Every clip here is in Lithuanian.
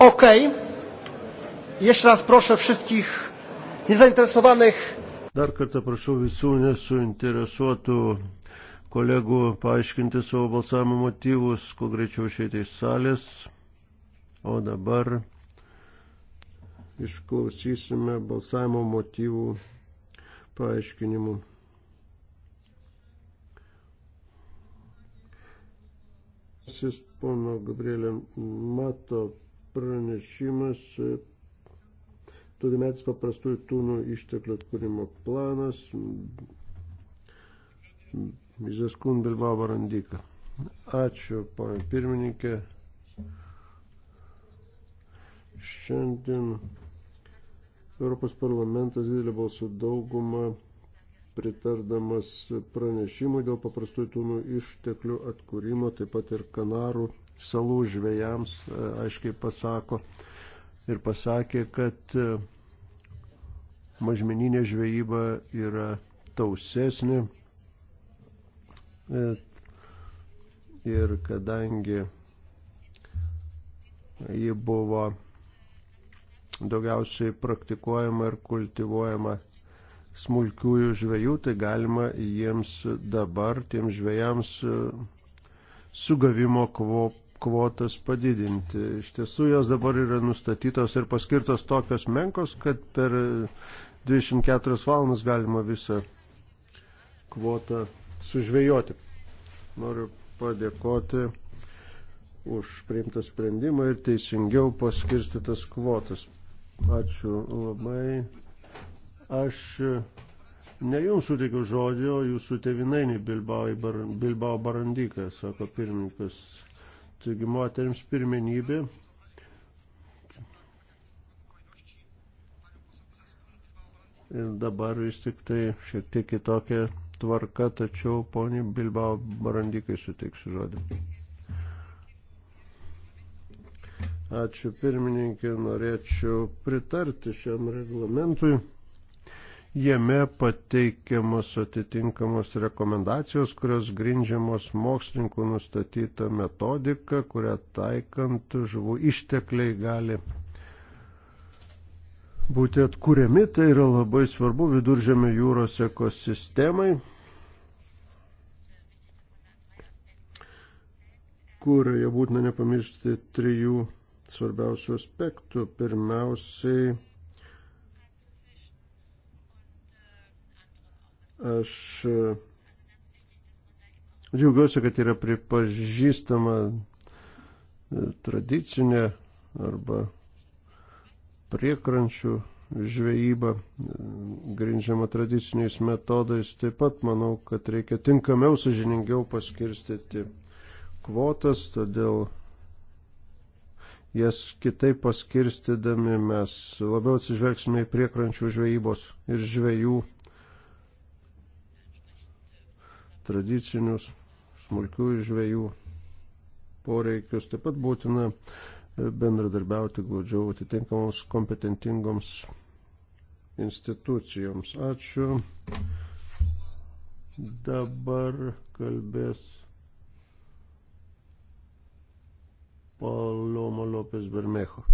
Ok. Jeszcze raz proszę wszystkich niezainteresowanych. Dar kartą prašau visų nesuinteresuotų kolegų paaiškinti savo balsavimo motyvus, kuo greičiau išeiti iš salės. O dabar išklausysime balsavimo motyvų paaiškinimų. Pono Gabrielė Mato pranešimas daugiametis e, paprastųjų tūnų išteklių atkūrimo planas. Mizaskun Bilbao Barandika. Ačiū, ponė pirmininkė. Šiandien Europos parlamentas didelė balsų dauguma pritardamas pranešimui dėl paprastų tūnų išteklių atkūrimo, taip pat ir Kanarų salų žvėjams e, aiškiai pasako ir pasakė, kad e, mažmeninė žvejyba yra tausesnė e, ir kadangi ji buvo daugiausiai praktikuojama ir kultivuojama smulkiųjų žvejų, tai galima jiems dabar, tiems žvejams, e, sugavimo kvotas padidinti. Iš tiesų jos dabar yra nustatytos ir paskirtos tokios menkos, kad per 24 e, valandas galima visą kvotą sužvejoti. Noriu padėkoti už priimtą sprendimą ir teisingiau paskirstytas kvotas. Ačiū labai. Aš ne jums suteikiu žodį, o jūsų tevinainį Bilbao, bar, Bilbao barandyką, sako pirmininkas. Taigi moteriams pirmenybė. Ir dabar vis tik tai šiek tiek kitokia tvarka, tačiau poniai Bilbao barandykai suteiksiu žodį. Ačiū pirmininkė, norėčiau pritarti šiam reglamentui. Jame pateikiamos atitinkamos rekomendacijos, kurios grindžiamos mokslininkų nustatyta metodika, kurią taikant žuvų ištekliai gali būti atkūrėmi. Tai yra labai svarbu viduržėmio jūros ekosistemai. kurioje būtina nepamiršti trijų svarbiausių aspektų. Pirmiausiai Aš e, džiaugiuosi, kad yra pripažįstama e, tradicinė arba priekrančių žvejyba, e, grindžiama tradiciniais metodais. Taip pat manau, kad reikia tinkamiau, sažiningiau paskirstyti kvotas, todėl jas kitaip paskirstydami mes labiau atsižvelgsime į priekrančių žvejybos ir žvejų tradicinius smulkių žvėjų poreikius. Taip pat būtina e, bendradarbiauti glaudžiau atitinkamoms kompetentingoms institucijoms. Ačiū. Dabar kalbės Palomo Lopes Bermejo.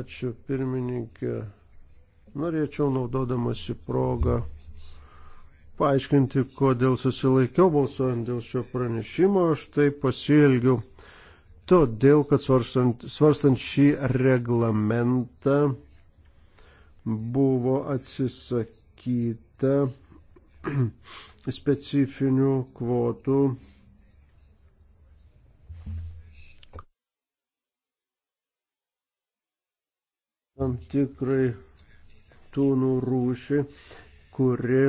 Ačiū pirmininkė. Norėčiau naudodamasi progą paaiškinti, kodėl susilaikiau balsuojant dėl šio pranešimo. Aš tai pasielgiau todėl, kad svarstant, svarstant šį reglamentą buvo atsisakyta specifinių kvotų tam tikrai tūnų rūšį, kuri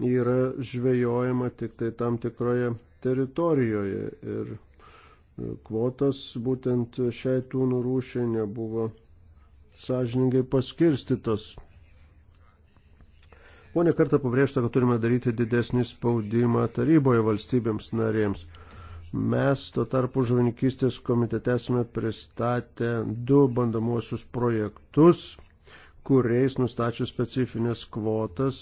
yra žvejojama tik tai tam tikroje teritorijoje ir e, kvotas būtent šiai tūnų rūšiai nebuvo sąžiningai paskirstytos. Buvo nekarta pabrėžta, kad turime daryti didesnį spaudimą taryboje valstybėms narėms. Mes tuo tarpu žuvininkystės komitete esame pristatę du bandomuosius projektus kuriais nustačius specifines kvotas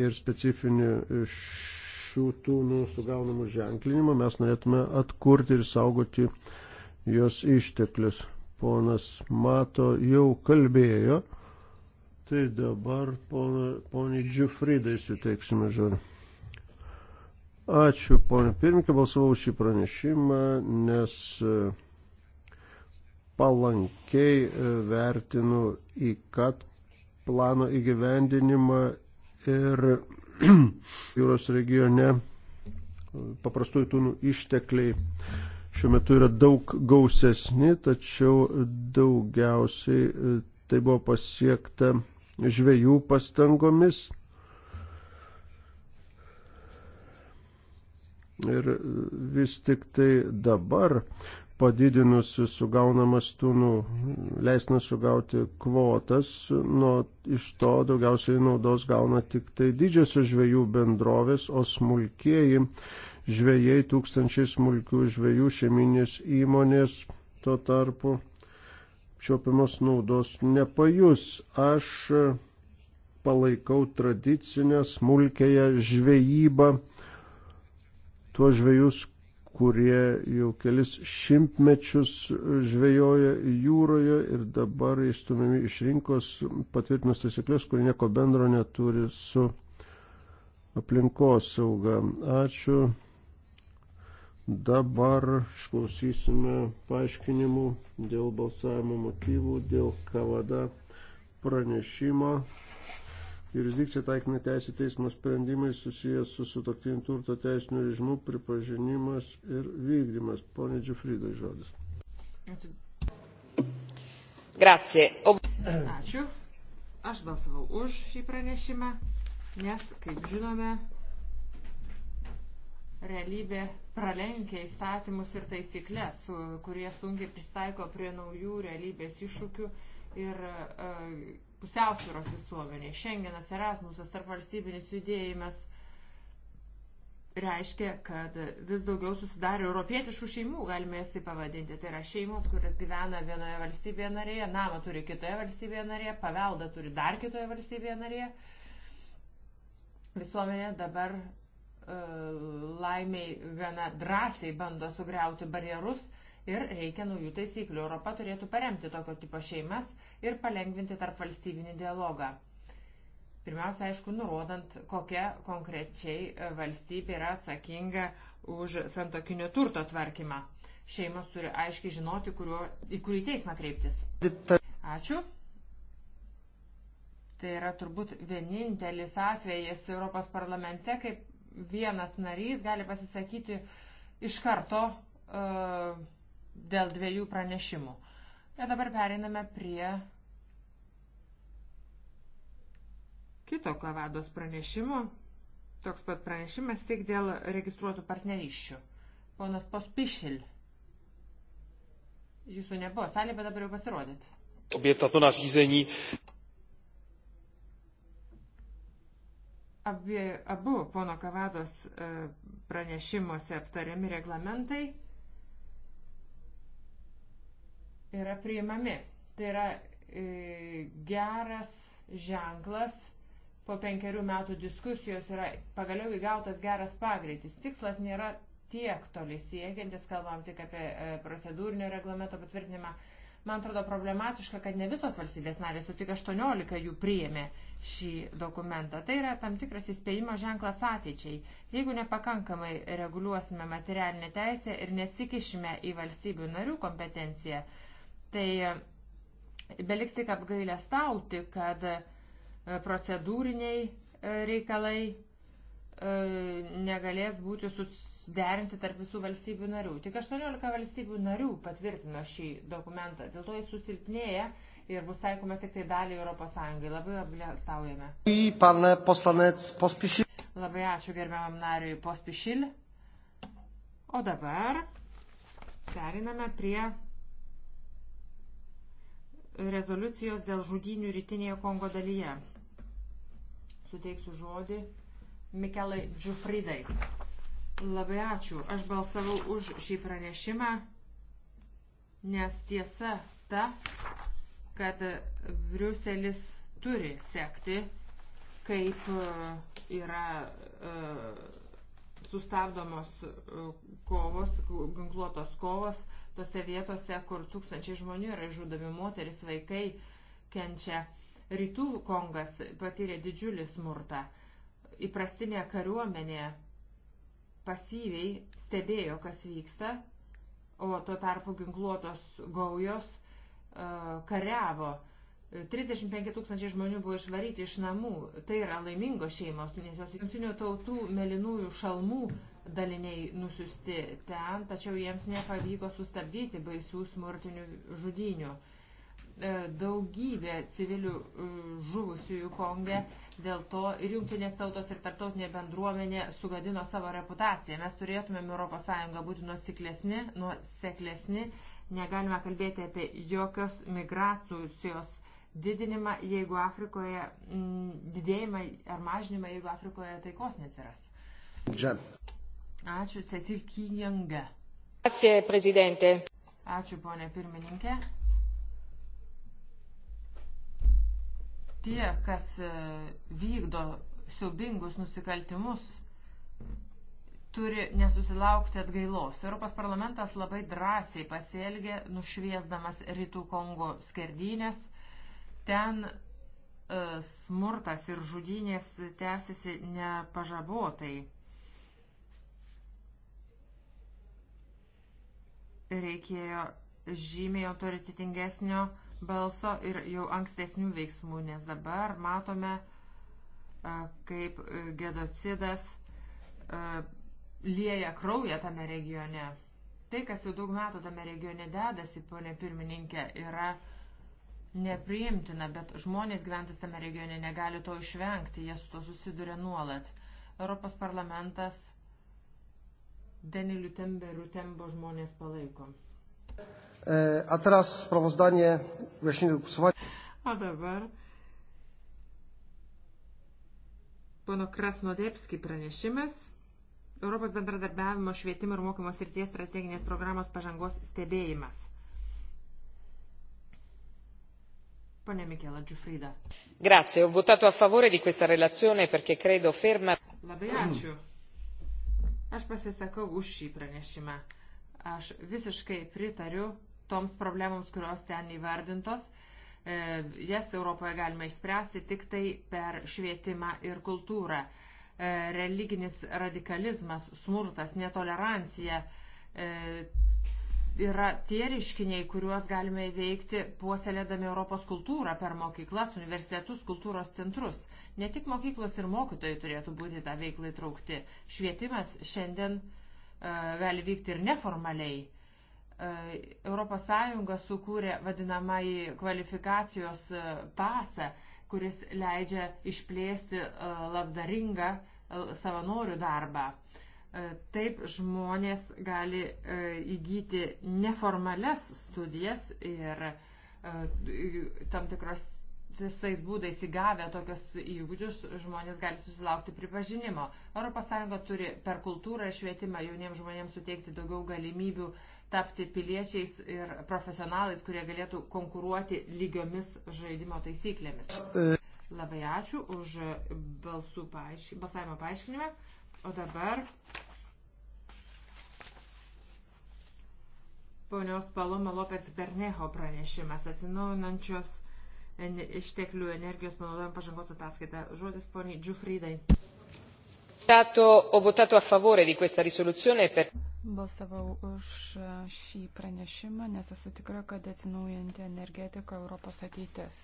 ir specifinį šių tūnų sugaunamų ženklinimą mes norėtume atkurti ir saugoti jos išteklius. Ponas Mato jau kalbėjo, tai dabar poniai Džiufridai suteiksime žodį. Ačiū, ponė pirmininkė, balsavau šį pranešimą, nes e, palankiai e, vertinu į kat plano įgyvendinimą ir jūros regione paprastųjų tūnų ištekliai šiuo metu yra daug gausesni, tačiau daugiausiai e, tai buvo pasiekta žvėjų pastangomis Ir vis tik tai dabar padidinus sugaunamas tunų, leistina sugauti kvotas, nuo iš to daugiausiai naudos gauna tik tai didžiosios žvejų bendrovės, o smulkieji žvėjai, tūkstančiai smulkių žvėjų šeiminės įmonės tuo tarpu čiopiamos naudos nepajus. Aš palaikau tradicinę smulkėją žvejybą tuos žvėjus, kurie jau kelis šimtmečius žvejoja jūroje ir dabar įstumiami iš rinkos patvirtinus taisyklės, kurie nieko bendro neturi su aplinkos sauga. Ačiū. Dabar išklausysime paaiškinimų dėl balsavimo motyvų, dėl Kavada pranešimo jurisdikcija taikymi teisė teismo sprendimai susijęs su sutoktiniu turto teisiniu režimu, pripažinimas ir vykdymas. Pone Džiufridai žodis. Grazie. Ob... Ačiū. Aš balsavau už šį pranešimą, nes, kaip žinome, realybė pralenkia įstatymus ir taisyklės, kurie sunkiai pristaiko prie naujų realybės iššūkių ir uh, pusiausvyros visuomenė. Šengenas, Erasmusas, tarp valstybinis judėjimas reiškia, kad vis daugiau susidarė europietiškų šeimų, galime jas įpavadinti. Tai yra šeimos, kurios gyvena vienoje valstybėje narėje, namą turi kitoje valstybėje narėje, paveldą turi dar kitoje valstybėje narėje. Visuomenė dabar e, laimiai gana drąsiai bando sugriauti barjerus ir reikia naujų taisyklių. Europa turėtų paremti tokio tipo šeimas ir palengvinti tarp valstybinį dialogą. Pirmiausia, aišku, nurodant, kokia konkrečiai e, valstybė yra atsakinga už santokinio turto tvarkymą. Šeimos turi aiškiai žinoti, kuriuo, į kurį teismą kreiptis. Ačiū. Tai yra turbūt vienintelis atvejis Europos parlamente, kaip vienas narys gali pasisakyti iš karto uh, dėl dviejų pranešimų. Ir dabar pereiname prie kito kavados pranešimo. Toks pat pranešimas tik dėl registruotų partnerysčių. Ponas Pospišil. Jūsų nebuvo salė, bet dabar jau pasirodėt. Obě tato nařízení. Abie, abu pono Kavados e, pranešimuose aptariami reglamentai yra priimami. Tai yra e, geras ženklas, po penkerių metų diskusijos yra pagaliau įgautas geras pagreitis. Tikslas nėra tiek toli siekiantis, kalbam tik apie e, procedūrinio reglamento patvirtinimą. Man atrodo problematiška, kad ne visos valstybės narės, o tik 18 jų priėmė šį dokumentą. Tai yra tam tikras įspėjimo ženklas ateičiai. Jeigu nepakankamai reguliuosime materialinę teisę ir nesikišime į valstybių narių kompetenciją, Tai e, beliks tik apgailę stauti, kad e, procedūriniai e, reikalai negalės būti suderinti tarp visų valstybių narių. Tik 18 valstybių narių patvirtino šį dokumentą, dėl to jis susilpnėja ir bus taikomas tik tai daliai Europos Sąjungai. Labai apgailestaujame. Labai ačiū gerbiamam nariui Pospišil. O dabar periname prie rezoliucijos dėl žudinių rytinėje Kongo dalyje. Suteiksiu žodį Mikelai Džufridai. Labai ačiū. Aš balsavau už šį pranešimą, nes tiesa ta, kad Briuselis turi sekti, kaip e, yra e, sustabdomos e, kovos, ginkluotos kovos tose vietose, kur tūkstančiai žmonių yra žudomi, moteris, vaikai kenčia. Rytų Kongas patyrė didžiulį smurtą. Įprastinė kariuomenė pasyviai stebėjo, kas vyksta, o tuo tarpu ginkluotos gaujos uh, kariavo. 35 tūkstančiai žmonių buvo išvaryti iš namų. Tai yra laimingos šeimos, nes jos jungtinių tautų melinųjų šalmų uh, daliniai nusiusti ten, tačiau jiems nepavyko sustabdyti baisių smurtinių žudinių. E, daugybė civilių e, žuvusiųjų Konge dėl to ir jungtinės tautos ir tarptautinė bendruomenė sugadino savo reputaciją. Mes turėtumėm ES būti nuoseklesni, nuoseklesni, negalime kalbėti apie jokios migracijos didinimą, jeigu Afrikoje m, didėjimą ar mažinimą, jeigu Afrikoje taikos nesiras. Džem. Ačiū, Cecil Kijanga. Ačiū, prezidentė. Ačiū, ponė pirmininkė. Tie, kas e, vykdo siubingus nusikaltimus, turi nesusilaukti atgailos. Europos parlamentas labai drąsiai pasielgė, nušviesdamas rytų Kongo skerdynės. Ten e, smurtas ir žudynės tęsiasi nepažabotai. reikėjo žymiai autoritetingesnio balso ir jau ankstesnių veiksmų, nes dabar matome, kaip e, genocidas lieja kraują tame regione. Tai, kas jau daug metų tame regione dedasi, ponė pirmininkė, yra nepriimtina, bet žmonės gyventis tame regione negali to išvengti, jie su to susiduria nuolat. Europos parlamentas Danieliu Temberu Tembo žmonės palaiko. E, a teraz sprawozdanie wyjaśnienie głosowania. A dabar. Pono Krasnodėpski pranešimas. Europos bendradarbiavimo švietimo ir mokymo srities strateginės programos pažangos stebėjimas. Pone Michela Giuffrida. Grazie, ho votato a favore di questa relazione perché credo ferma. Labai ačiū. Mm. Aš pasisakau už šį pranešimą. Aš visiškai pritariu toms problemams, kurios ten įvardintos. E, jas Europoje galima išspręsti tik tai per švietimą ir kultūrą. E, religinis radikalizmas, smurtas, netolerancija e, yra tie reiškiniai, kuriuos galime įveikti puoselėdami Europos kultūrą per mokyklas, universitetus, kultūros centrus. Ne tik mokyklos ir mokytojai turėtų būti tą veiklą įtraukti. Švietimas šiandien e, gali vykti ir neformaliai. ES sukūrė vadinamąjį kvalifikacijos e, pasą, kuris leidžia išplėsti e, labdaringą e, savanorių darbą. Taip žmonės gali įgyti neformales studijas ir tam tikros visais būdais įgavę tokius įgūdžius žmonės gali susilaukti pripažinimo. ES turi per kultūrą ir švietimą jauniems žmonėms suteikti daugiau galimybių tapti piliečiais ir profesionalais, kurie galėtų konkuruoti lygiomis žaidimo taisyklėmis. Labai ačiū už balsų paaiš... balsavimo paaiškinimą. O dabar ponios Paloma Lopes Berneho pranešimas atsinaujinančios išteklių energijos panaudojimo pažangos ataskaitą. Žodis poniai Džufridai. Balsavau už e, šį pranešimą, nes esu tikra, kad atsinaujanti energetika Europos ateitis.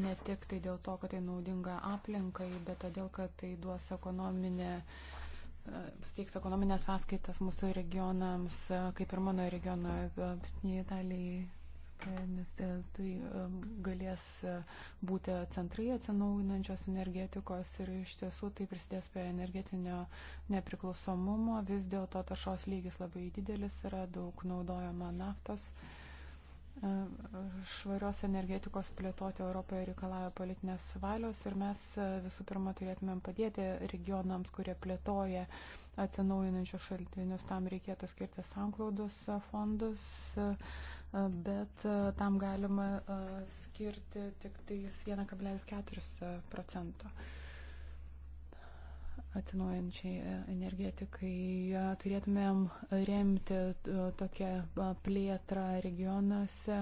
Ne tik tai dėl to, kad tai naudinga aplinkai, bet todėl, kad tai duos ekonominę e, suteiks ekonominės paskaitas mūsų regionams, e, kaip ir mano regiono, Pietinėje Italijai, nes e, tai e, galės e, būti centrai atsinaujinančios energetikos ir iš tiesų tai prisidės prie energetinio nepriklausomumo. Vis dėlto taršos lygis labai didelis yra, daug naudojama naftos. Švarios energetikos plėtoti Europoje reikalauja politinės valios ir mes visų pirma turėtumėm padėti regionams, kurie plėtoja atsinaujinančius šaltinius. Tam reikėtų skirti sanklaudos fondus bet tam galima skirti tik tais 1,4 procento atsinaujančiai e, energetikai. Turėtumėm remti tokią plėtrą regionuose,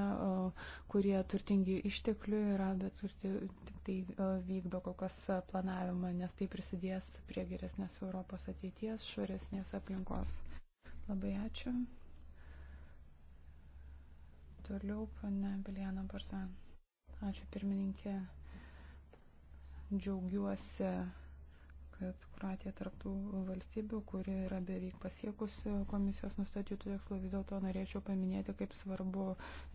kurie turtingi išteklių yra, bet turti, tik tai vykdo kol kas planavimą, nes tai prisidės prie geresnės Europos ateities, švaresnės aplinkos. Labai ačiū. Toliau, pane Biljana Barza. Ačiū pirmininkė. Džiaugiuosi, kad Kroatija tarptų valstybių, kuri yra beveik pasiekusi komisijos nustatytų tikslų, vis dėlto norėčiau paminėti, kaip svarbu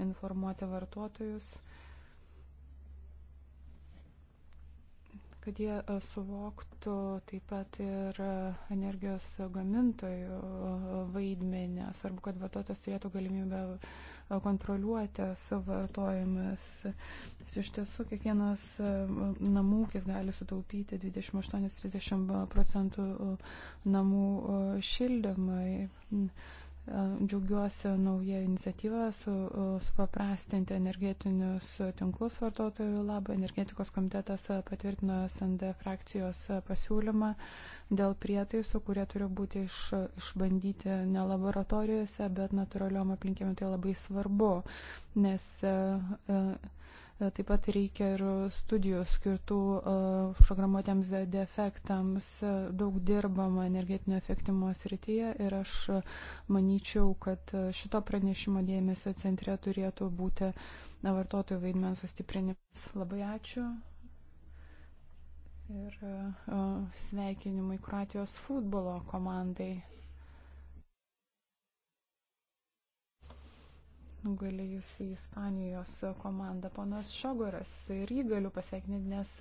informuoti vartotojus. Uh, kad jie e, suvoktų taip pat ir e, energijos gamintojų e, vaidmenį. Svarbu, kad vartotojas turėtų galimybę kontroliuoti savo vartojimas. Iš tiesų, kiekvienas namūkis gali sutaupyti 28-30 procentų namų šildymai. Džiaugiuosi nauja iniciatyva su, e, supaprastinti energetinius tinklus vartotojų labą. Energetikos komitetas e, patvirtino SND frakcijos e, pasiūlymą dėl prietaisų, kurie turi būti iš, išbandyti ne laboratorijose, bet natūraliom aplinkėm. Tai labai svarbu, nes. Uh, uh, E, taip pat reikia ir studijų skirtų e, programuotėms defektams. E, daug dirbama energetinio efektyvumo srityje ir aš manyčiau, kad šito pranešimo dėmesio centre turėtų būti vartotojų vaidmens sustiprinimas. Labai ačiū. Ir sveikinimai Kroatijos futbolo komandai. nugalėjusi Ispanijos komanda. Ponas Šogoras ir jį galiu pasveikinti, nes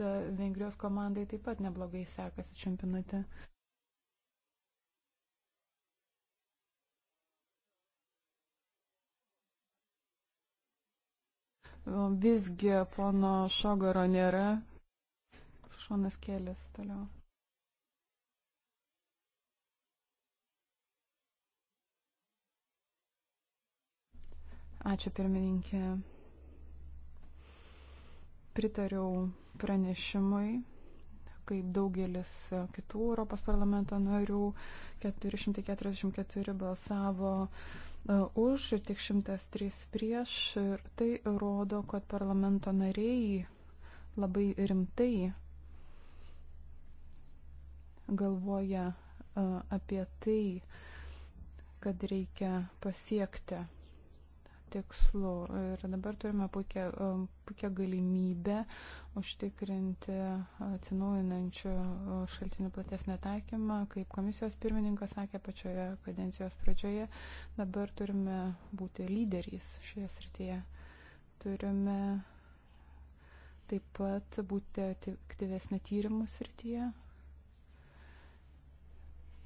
Vengrijos komandai taip pat neblogai sekasi čempionate. Visgi pono Šogoro nėra. Šonas kelias toliau. Ačiū pirmininkė. Pritariau pranešimui, kaip daugelis kitų Europos parlamento narių, 444 balsavo e, už ir tik 103 prieš. Ir tai rodo, kad parlamento nariai labai rimtai galvoja e, apie tai, kad reikia pasiekti tikslu. Ir dabar turime puikia, um, puikia galimybę užtikrinti atsinaujinančių uh, šaltinių platesnę taikymą. Kaip komisijos pirmininkas sakė pačioje kadencijos pradžioje, dabar turime būti lyderiais šioje srityje. Turime taip pat būti aktyvesnė tyrimų srityje.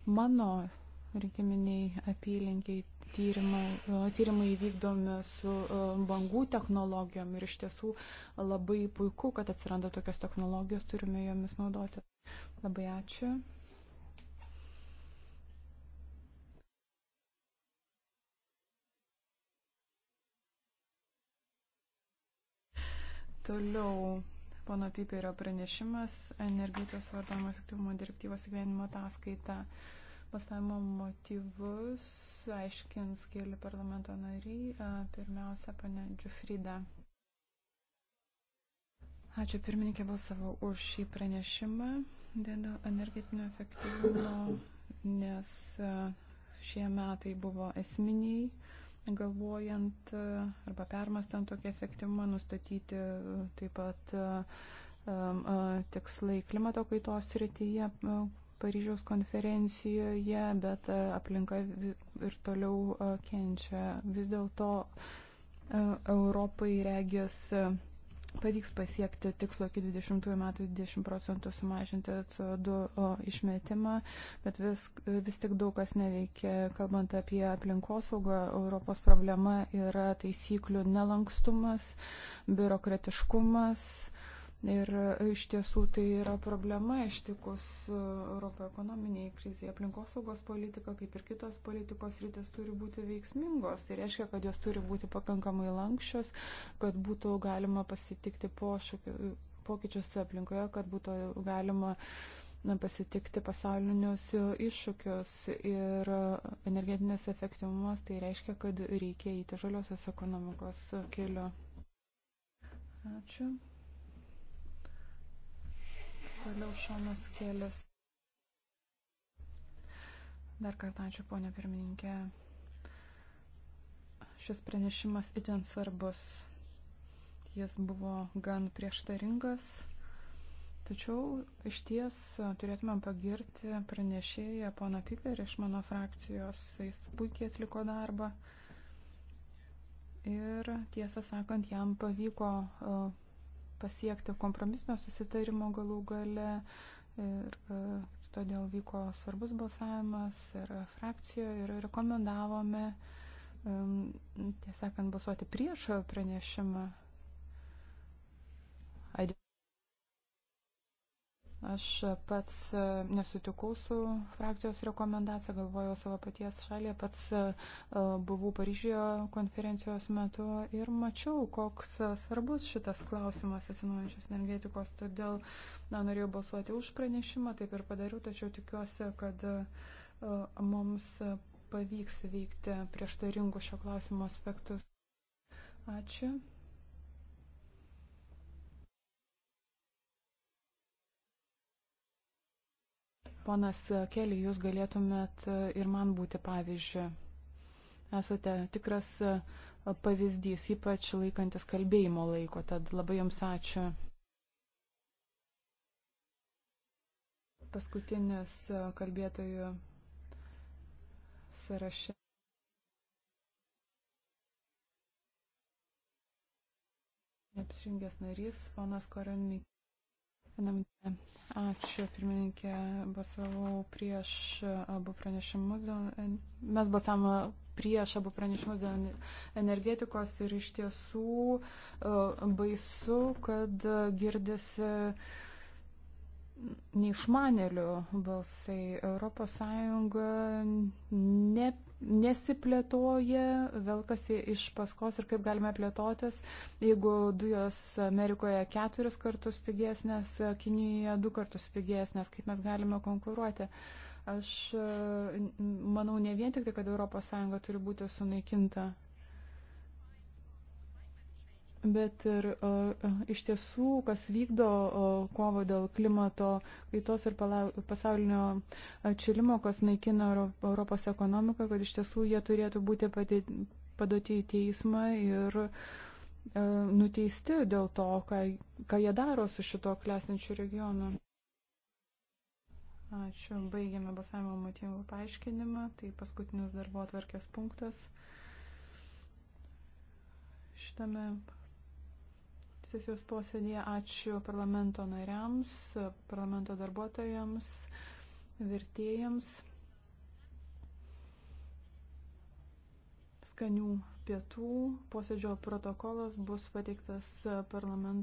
Mano rinkiminiai apylinkiai tyrimai, e, tyrimai vykdomi su e, bangų technologijom ir iš tiesų labai puiku, kad atsiranda tokios technologijos, turime jomis naudoti. Labai ačiū. Toliau pono Piperio pranešimas energetikos vartojimo efektyvumo direktyvos gyvenimo ataskaita. Uh, balsavimo motyvus aiškins keli parlamento nariai, pirmiausia, pane Džiufrida. Ačiū pirmininkė, balsavau už šį pranešimą dėl energetinio efektyvumo, nes šie metai buvo esminiai galvojant arba permastant tokį efektyvumą, nustatyti taip pat tikslai klimato kaitos rytyje, Paryžiaus konferencijoje, bet e, aplinka ir toliau e, kenčia. Vis dėlto e, Europai regės pavyks pasiekti tikslo iki 20 metų 20 procentų sumažinti CO2 išmetimą, bet vis, vis tik daug kas neveikia. Kalbant apie aplinkosaugą, Europos problema yra taisyklių nelankstumas, biurokratiškumas Ir e, iš tiesų tai yra problema ištikus e, Europo ekonominiai kriziai. Aplinkosaugos politika, kaip ir kitos politikos rytis, turi būti veiksmingos. Tai reiškia, kad jos turi būti pakankamai lankščios, kad būtų galima pasitikti pokyčius aplinkoje, kad būtų galima na, pasitikti pasaulinius e, iššūkius ir energetinės efektyvumas. Tai reiškia, kad reikia įti žaliosios ekonomikos keliu. Ačiū. Toliau šonas kelias. Dar kartą ačiū, ponia pirmininkė. Šis pranešimas itin svarbus. Jis buvo gan prieštaringas, tačiau iš ties turėtumėm pagirti pranešėją poną Piperį iš mano frakcijos. Jis puikiai atliko darbą. Ir tiesą sakant, jam pavyko uh, pasiekti kompromisinio susitarimo galų gale. Ir e, todėl vyko svarbus balsavimas ir frakcijoje ir rekomendavome, tiesąkant, balsuoti prieš pranešimą. Aš pats e, nesutikau su frakcijos rekomendacija, galvojau savo paties šalyje, pats e, buvau Paryžioje konferencijos metu ir mačiau, koks e, svarbus šitas klausimas atsinaujančios energetikos, todėl na, norėjau balsuoti už pranešimą, taip ir padariau, tačiau tikiuosi, kad mums pavyks veikti prieštaringus šio klausimo aspektus. Ačiū. Ponas Kelly, jūs galėtumėt e, ir man būti pavyzdžiu. Esate tikras e, pavyzdys, ypač laikantis kalbėjimo laiko, tad labai jums ačiū. Paskutinis e, kalbėtojų sąraše. Neapsijungęs narys, ponas Koronmik. Ačiū, pirmininkė, balsavau prieš abu pranešimus. Mes balsavome prieš abu pranešimus dėl energetikos ir iš tiesų e, baisu, kad girdisi neišmanelių balsai. ES ne, nesiplėtoja, velkasi iš paskos ir kaip galime plėtotis, jeigu dujos Amerikoje keturis kartus pigesnės, Kinijoje du kartus pigesnės, kaip mes galime konkuruoti. Aš manau ne vien tik tai, kad ES turi būti sunaikinta, bet ir iš tiesų, kas vykdo kovo dėl klimato kaitos ir pasaulinio atšilimo, kas naikina Europos ekonomiką, kad iš tiesų jie turėtų būti padoti į teismą ir nuteisti dėl to, ką, ką jie daro su šito klesničiu regionu. Ačiū. Baigėme balsavimo motyvų paaiškinimą. Tai paskutinis darbo atvarkės punktas šitame sesijos posėdėje. Ačiū parlamento nariams, parlamento darbuotojams, vertėjams. Skanių pietų posėdžio protokolas bus pateiktas parlamento.